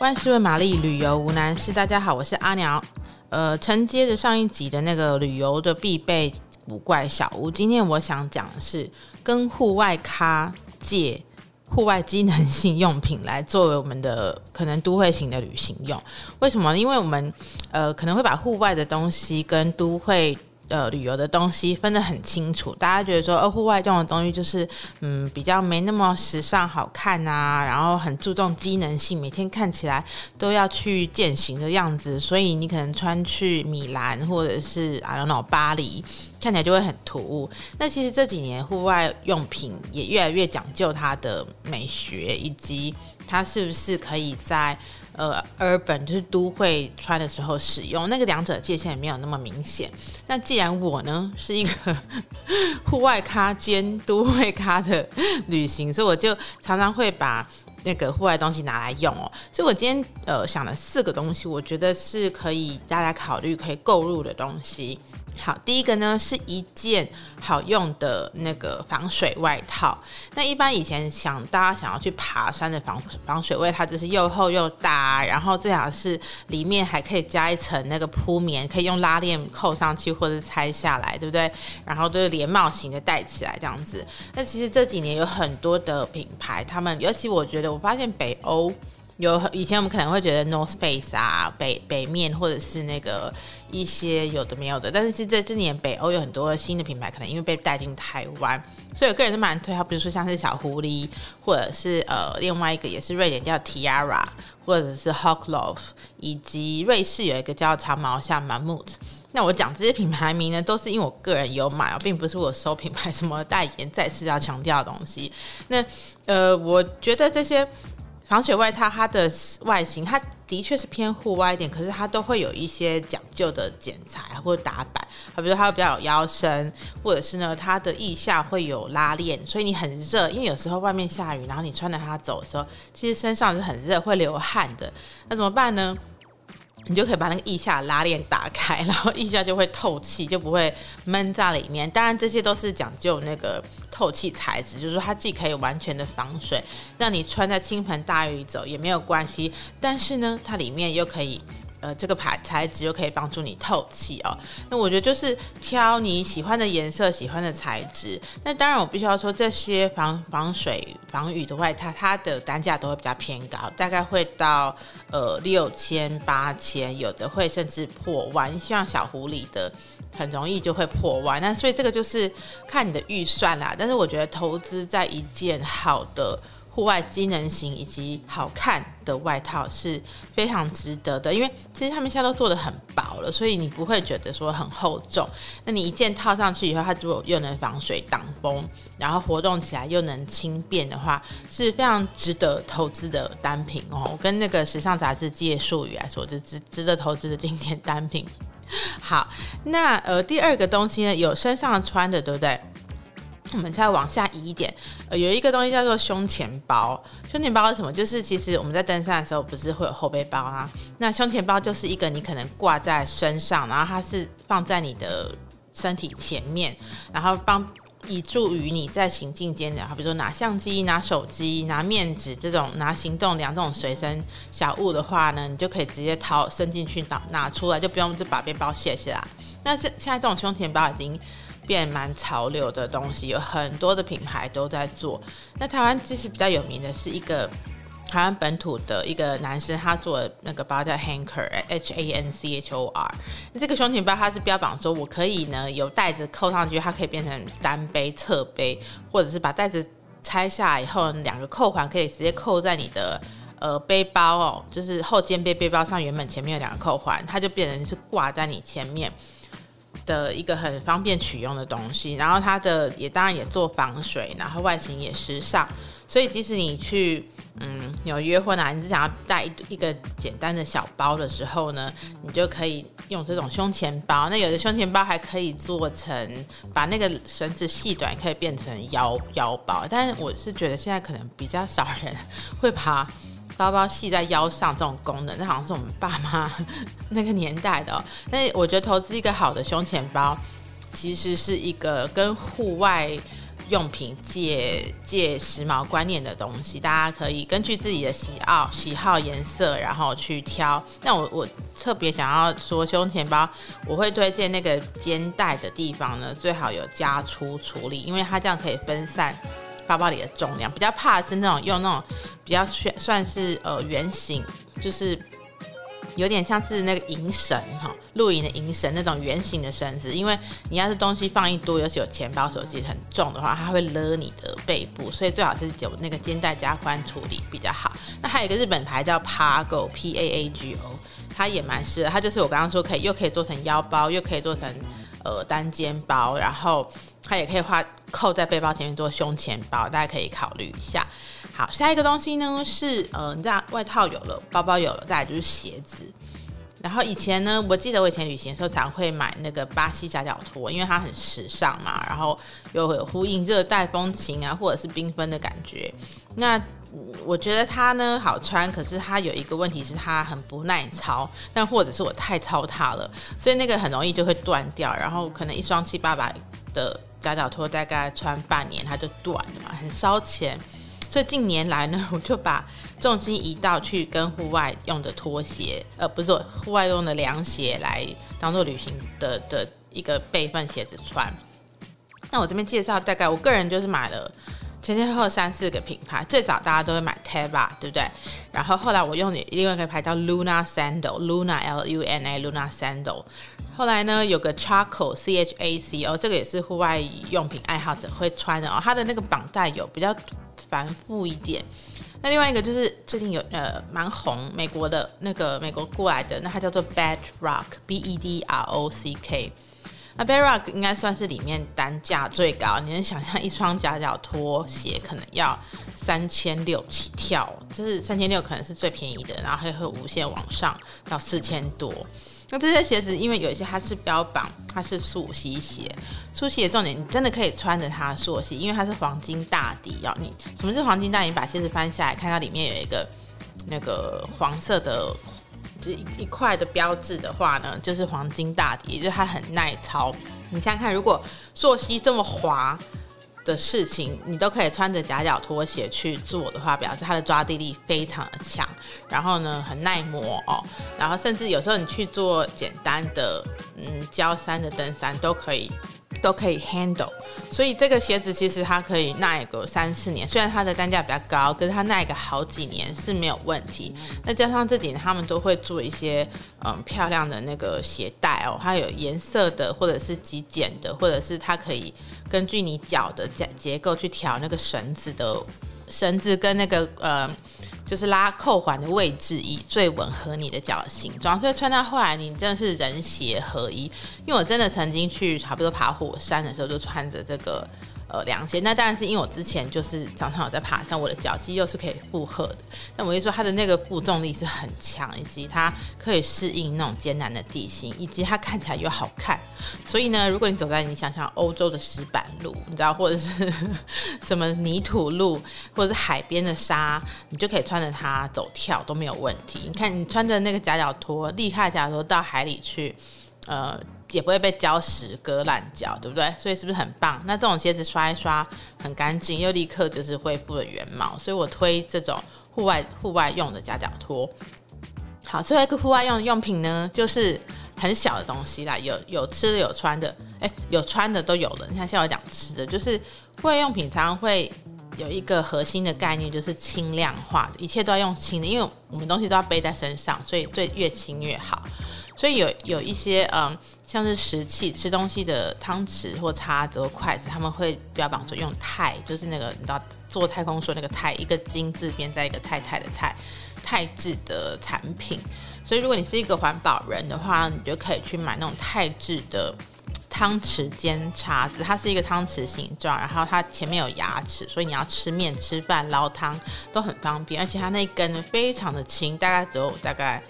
萬事問瑪麗，旅遊無難事。大家好，我是阿鳥。呃，承接着上一集的那個旅遊的必備古怪小屋，今天我想講的是跟戶外咖借戶外機能性用品來作為我們的可能都會型的旅行用。為什麼？因為我們呃可能會把戶外的東西跟都會。呃，旅遊的東西分得很清楚，大家覺得說，呃、哦，戶外這種東西就是，嗯，比較沒那麼時尚好看啊，然後很注重機能性，每天看起來都要去健行的樣子，所以你可能穿去米蘭或者是 I don't know，巴黎，看起來就會很突兀。那其實這幾年戶外用品也越來越講究它的美學，以及它是不是可以在。呃，Urban 就是都會穿的時候使用，那個兩者界限也沒有那麼明顯。那既然我呢是一個戶外咖兼都會咖的旅行，所以我就常常會把那個戶外東西拿來用哦。所以我今天呃想了四個東西，我覺得是可以大家考慮可以購入的東西。好，第一個呢是一件好用的那個防水外套。那一般以前想大家想要去爬山的防防水外套，它就是又厚又大，然後最好是裡面還可以加一層那個鋪棉，可以用拉鏈扣上去或者拆下來，對不對？然後就是連帽型的戴起來這樣子。那其實這幾年有很多的品牌，他們尤其我覺得，我發現北歐。有以前我們可能會覺得 North Face 啊、北北面，或者是那個一些有的沒有的，但是在這年北歐有很多新的品牌，可能因為被帶進台灣，所以我個人都蠻推好，比如說像是小狐狸，或者是呃另外一個也是瑞典叫 Tiara，或者是 Hocklove，以及瑞士有一個叫長毛象 Mammut。那我講這些品牌名呢，都是因為我個人有買，並不是我收品牌什麼代言，再次要強調的東西。那呃，我覺得這些。防水外套，它的外形，它的確是偏戶外一點，可是它都會有一些講究的剪裁或者打版，好比如它會比較有腰身，或者是呢，它的腋下會有拉鏈，所以你很熱。因為有時候外面下雨，然後你穿着它走的時候，其實身上是很熱，會流汗的，那怎麼辦呢？你就可以把那個腋下拉鏈打開，然後腋下就會透氣，就不會悶在裡面。當然這些都是講究那個。透氣材質，就是說它既可以完全的防水，讓你穿在傾盆大雨裡走也沒有關係，但是呢，它裡面又可以。呃，這個牌材質就可以幫助你透氣哦。那我覺得就是挑你喜歡的顏色、喜歡的材質。那當然，我必須要說，這些防防水、防雨的外套，它的單價都會比較偏高，大概會到呃六千、八千，有的會甚至破萬，像小狐狸的，很容易就會破萬。那所以這個就是看你的預算啦。但是我覺得投資在一件好的。戶外機能型以及好看的外套是非常值得的，因為其實他們現在都做得很薄了，所以你不會覺得說很厚重。那你一件套上去以後，它如果又能防水、擋風，然後活動起來又能輕便的話，是非常值得投資的單品喔。我跟那個時尚雜誌借術語來說，就值值得投資的經典單品。好，那呃，第二個東西呢，有身上穿的，對不對？我們再往下移一點，呃，有一個東西叫做胸前包。胸前包是什麼？就是其實我們在登山的時候，不是會有後背包啊。那胸前包就是一個你可能掛在身上，然後它是放在你的身體前面，然後幫以助於你在行進間，然後比如說拿相機、拿手機、拿面紙，這種拿行動糧、這種隨身小物的話呢，你就可以直接掏伸進去拿，拿出來，就不用就把背包卸下來。那現現在這種胸前包已經。變蠻潮流的東西，有很多的品牌都在做。那台灣其實比較有名的是一個台灣本土的一個男生，他做的那個包叫 Hanchor（H-A-N-C-H-O-R）。那這個胸前包它是標榜說，我可以呢有袋子扣上去，它可以變成單背、側背，或者是把袋子拆下來以後，兩個扣環可以直接扣在你的呃背包哦，就是後肩背背包上原本前面有兩個扣環，它就變成是掛在你前面的一個很方便取用的東西，然後它的也當然也做防水，然後外形也時尚，所以即使你去嗯有約會啊，你只想要帶一一個簡單的小包的時候呢，你就可以用這種胸前包。那有的胸前包還可以做成把那個繩子細短，可以變成腰腰包，但是我是覺得現在可能比較少人會把。包包繫在腰上這種功能，那好像是我們爸媽那個年代的喔。那我覺得投資一個好的胸前包，其實是一個跟戶外用品借借時髦觀念的東西。大家可以根據自己的喜好、喜好顏色，然後去挑。那我我特別想要說，胸前包我會推薦那個肩帶的地方呢，最好有加粗處理，因為它這樣可以分散。包包裡的重量比較怕的是那種用那種比較算算是，呃圓形，就是有點像是那個銀繩哈，露營的銀繩那種圓形的繩子，因為你要是東西放一多，尤其有錢包、手機很重的話，它會勒你的背部，所以最好是有那個肩帶加寬處理比較好。那還有一個日本牌叫 Paago P A A G O，它也蠻適合，它就是我剛剛說可以又可以做成腰包，又可以做成。呃，單肩包，然後它也可以掛扣在背包前面做胸前包，大家可以考慮一下。好，下一個東西呢是，嗯、呃，那外套有了，包包有了，再來就是鞋子。然後以前呢，我記得我以前旅行的時候，常會買那個巴西夾腳拖，因為它很時尚嘛，然後有，有呼應熱帶風情啊，或者是繽紛的感覺。那我覺得它呢好穿，可是它有一個問題是它很不耐操，但或者是我太操它了，所以那個很容易就會斷掉。然後可能一雙七八百的夾腳拖，大概穿半年它就斷了嘛，很燒錢。所以近年來呢，我就把重心移到去跟戶外用的拖鞋，呃，不是戶外用的涼鞋來當做旅行的的一個備份鞋子穿。那我這邊介紹大概，我個人就是買了前前後後三四個品牌，最早大家都會買 Teva，對不對？然後後來我用另外一個牌叫 Luna Sandal，Luna L U N A Luna Sandal。後來呢，有個 Chaco C H A C O，哦，這個也是戶外用品愛好者會穿的哦，它的那個綁帶有比較。繁複一點。那另外一個就是最近有呃蠻紅美國的那個美國過來的，那它叫做 Bedrock B E D R O C K。那 Bedrock 應該算是裡面單價最高，你能想象一雙夾腳拖鞋可能要三千六起跳，就是三千六可能是最便宜的，然後還會無限往上到四千多。那這些鞋子，因為有一些它是標榜它是溯溪鞋，溯溪鞋重點你真的可以穿着它溯溪，因為它是黃金大底，要你什麼是黃金大底？你把鞋子翻下來，看到裡面有一個那個黃色的就一塊的標誌的話呢，就是黃金大底，就它很耐操。你想想看，如果溯溪這麼滑的事情，你都可以穿着夾腳拖鞋去做的話，表示它的抓地力非常的強，然後呢很耐磨哦，然後甚至有時候你去做簡單的嗯，郊山的登山都可以。都可以 handle，所以這個鞋子其實它可以耐個三四年，雖然它的單價比較高，可是它耐個好幾年是沒有問題。那加上這幾年他們都會做一些嗯漂亮的那個鞋帶哦，它有顏色的，或者是極簡的，或者是它可以根據你腳的結結構去調那個繩子的繩子跟那個呃。嗯就是拉扣環的位置，以最吻合你的腳形狀，所以穿到後來你真的是人鞋合一。因為我真的曾經去差不多爬火山的時候就穿着這個。呃，涼鞋那當然是因為我之前就是常常有在爬山，我的腳肌肉是可以負荷的。那我就說它的那個負重力是很強，以及它可以適應那種艱難的地形，以及它看起來又好看。所以呢，如果你走在你想想歐洲的石板路，你知道，或者是呵呵什麼泥土路，或者是海邊的沙，你就可以穿着它走跳都沒有問題。你看你穿着那個夾腳拖，厲害夾腳拖到海裡去，呃。也不會被礁石割爛腳，對不對？所以是不是很棒？那這種鞋子刷一刷很乾淨，又立刻就是恢復了原貌。所以我推這種戶外戶外用的夾腳拖。好，最後一個戶外用的用品呢，就是很小的東西啦。有有吃的，有穿的，欸，有穿的都有了。你看，現在我講吃的，就是戶外用品，常常會有一個核心的概念，就是輕量化，一切都要用輕的，因為我們東西都要背在身上，所以最越輕越好。所以有有一些嗯，像是食器、吃東西的湯匙或叉子或筷子，他們會標榜說用鈦，就是那個你知道做太空梭那個鈦，一個金字邊再一個太太的太，鈦製的，的，的產品。所以如果你是一個環保人的話，你就可以去買那種鈦製的湯匙兼叉子，它是一個湯匙形狀，然後它前面有牙齒，所以你要吃麵、吃飯、撈湯都很方便，而且它那一根非常的輕，大概只有大概。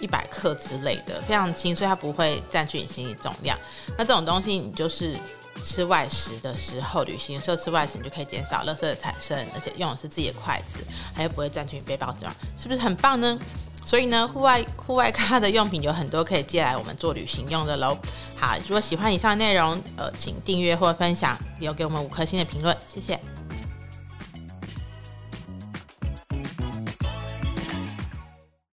一百克之類的，非常輕，所以它不會占據你行李重量。那這種東西，你就是吃外食的時候，旅行的時候，吃外食你就可以減少垃圾的產生，而且用的是自己的筷子，它又不會占據你背包重量，是不是很棒呢？所以呢，戶外戶外咖的用品有很多可以借來我們做旅行用的嘍。好，如果喜歡以上內容，呃，請訂閱或分享，留給我們五顆星的評論，謝謝。